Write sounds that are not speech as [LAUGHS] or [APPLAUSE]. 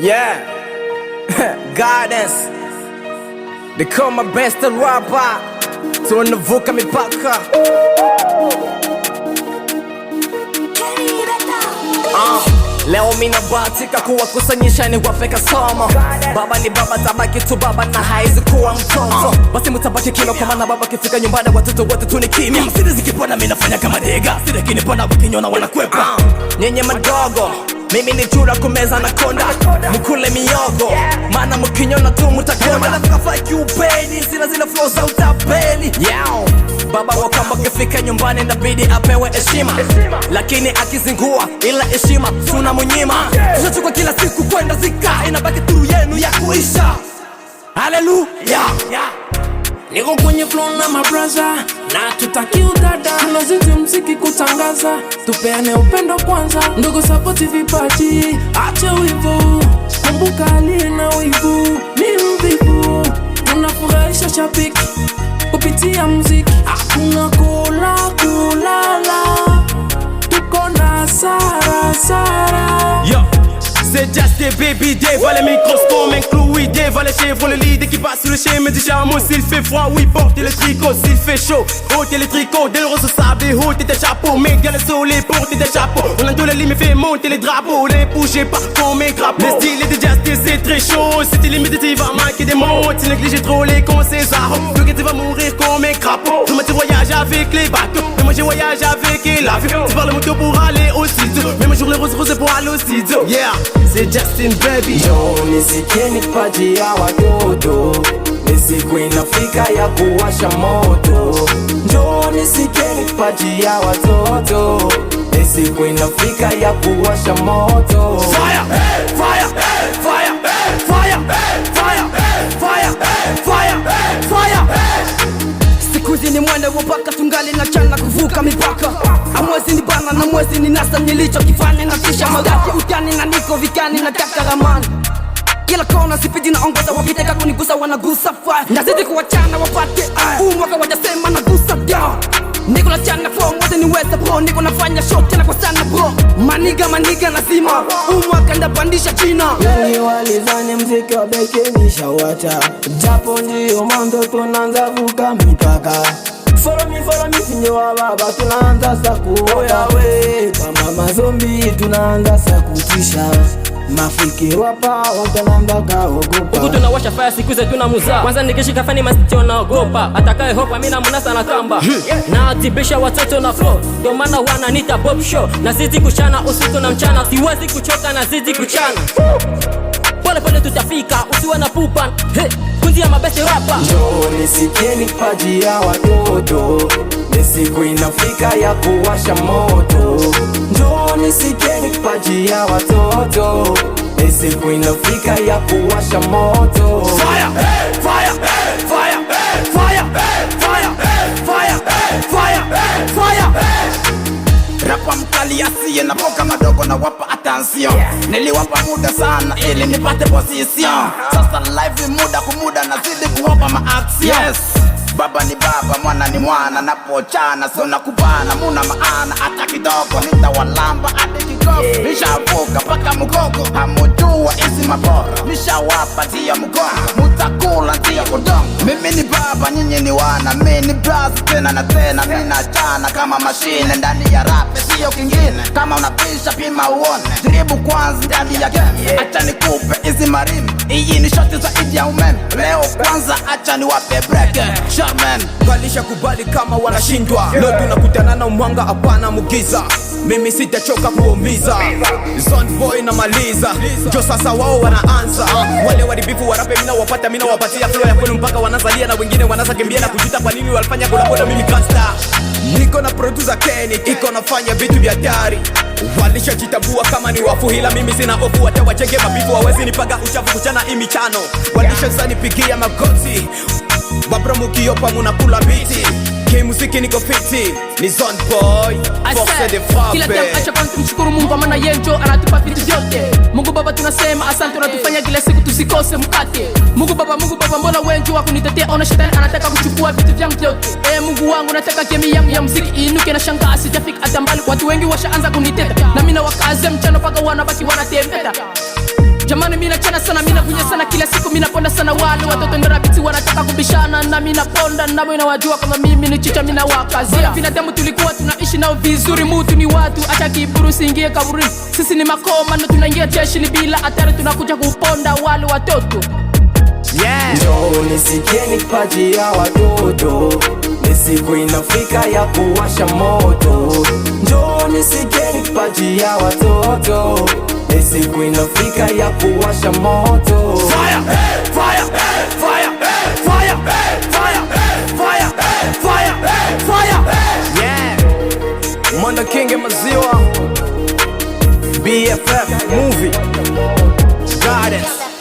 Yeah, They [LAUGHS] call my best guidance niko mabeste rapa, tunavuka mipaka uh. Leo mina bahatika kuwakusanyisha ni wafeka somo. Baba ni baba, tabaki tu baba na haizi kuwa mtoto uh. Basi mutabaki kilo kwa maana baba kifika nyumbani watoto wote tu ni kimi Siri zikipona minafanya kama dega, siri kinipona wakinyona wanakwepa uh. Nyenye madogo mimi ni chura kumeza na konda mkule miogo yeah. maana mkinyona tu mtakonda kiupeni zina zile flow za utapeli yeah. baba wakamba kifika nyumbani nabidi apewe heshima lakini akizingua ila heshima tuna munyima yeah. tushachukwa kila siku kwenda zika inabaki tu yenu ya kuisha haleluya yeah. yeah. niko kwenye flow na mabraza na tutaki tunazidi mziki kutangaza, tupeane upendo kwanza, ndugu sapoti vipaji, ache wivu, kumbuka aliye na wivu ni mvivu. Tunafurahisha shabiki kupitia mziki, hakuna kula kulala, tuko na sara sara, yeah. c'est just des baby Day, Voilà mes un mec Louis des Voilà chevron le lead qui passe sur le chemin déjà mon, S'il fait froid, oui porte le tricot S'il fait chaud, ôtez les tricots Dès le rose sable, tes chapeaux mais dans le soleil, portez tes chapeaux On a tous la limite, fait monter les drapeaux Les bougez pas comme mes crapauds Le style de just c'est très chaud C'était illimité, limité, tu vas manquer des mots Tu négliges trop les conseils Le gars tu vas mourir comme un crapaud Toi tu voyage avec les bateaux mais moi je voyage avec l'avion Tu parles moto pour tourner rose rose pour aller au studio Yeah, c'est Justin Baby Njoo nisikie kipaji ya watoto ni siku inafika ya kuwasha moto. Njoo nisikie kipaji ya watoto ni siku inafika ya kuwasha moto. kama hamwezi ninasa nilichokifanya na kisha magati utani na niko vikani na nataka ramani kila kona sipiji na naongoza wakitaka kunigusa wanagusa fa nazidi kuwachana wapate umwaka wajasema nagusa down niko na chana flow wote ni weza bro niko nafanya shot tena kwa sana bro maniga maniga lazima umwaka ndapandisha china yani walizani mziki wa beke nishawata japo ndio mwanzo tunanza vuka mipaka Follow me, follow me, sinyo wa baba tunaanza Oya we Kama mazombi tunaanza tisha Mafiki wapa wakanamba kaogopa Huku tunawasha fire siku zetu na muza Kwanza nikishika fani masiti wanaogopa Atakaye hopa mina munasa na kamba Na atibisha watoto na flow Ndo maana nita pop Show Na zizi kuchana usiku na mchana Siwezi kuchoka na zizi kuchana Pole pole tutafika usiwe na pupa hey makunzi ya mabeste rapa. Njoo nisikieni paji ya watoto, ni siku inafika ya kuwasha moto. Njoo nisikieni paji ya watoto, ni siku inafika ya kuwasha moto. Fire! na poka madogo na wapa attention yeah. Niliwapa muda sana ili nipate position. Sasa live muda kwa kumuda nazidi kuwapa ma action yes. Baba ni baba, mwana ni mwana, napochana sona kubana, muna maana hata kidogo, nitawalamba hadi kigogo yeah. Nishavuka mpaka mgogo, hamujua isi mabora, nishawapa tia mgogo mimi ni baba, nyinyi ni wana, mimi ni blast tena na tena, mimi nachana kama mashine ndani ya rap, sio kingine. Kama unapisha pima uone, jaribu kwanza ndani ya game, acha nikupe hizi marimi, Hii ni shoti zaidi ya umeme, leo kwanza acha niwape break. Sharman kalisha kubali kama wanashindwa, leo tunakutana na mwanga, hapana mugiza mimi sitachoka kuumiza Zonboy na maliza jo, sasa wao wanaanza wale waribifu warape, mina wapata mina wapatia flow ya kwenu mpaka wanazalia na wengine wanaza na kujuta kwa nini walifanya kolabora. Mimi kasta niko na producer Kenny iko nafanya vitu vya hatari Walishajitambua kama ni wafu, hila mimi sina hofu. Hata wachenge mabifu wawezi nipaga uchafu, kuchana imichano walishazanipigia magoti babro mukiopa munakula biti K-muziki niko fiti ni zone boy force de frappe kila damu acha kwanza mshukuru Mungu wa mana yenjo anatupa vitu vyote Mungu Baba tunasema asante unatufanya kila siku tusikose mkate Mungu Baba Mungu Baba mbola wenjo ndio wakunitetea ona shetani anataka kuchukua vitu vyangu vyote E Mungu wangu nataka kemi yangu ya muziki inuke na shanga sijafika hata mbali watu wengi washa anza kuniteta na mina wakaze mchano paka wanabaki wanatembea Jamani, mina chana sana, mina kunya sana, kila siku mina ponda sana. Wale watoto ndo rabiti wanataka kubishana na mina ponda nabo, inawajua kama mimi ni chicha, mina wakazia binadamu. Tulikuwa tunaishi nao vizuri, mutu ni watu, acha kiburu siingie kaburi. Sisi ni makoma na tunaingia jeshini bila hatari, tunakuja kuponda wale watoto. nisikieni paji ya watoto, ni siku inafika ya kuwasha moto. Njoo nisikieni paji ya watoto Hey, siku inafika ya kuwasha moto fire, fire, Mwanda Maziwa BFF Movie Gardens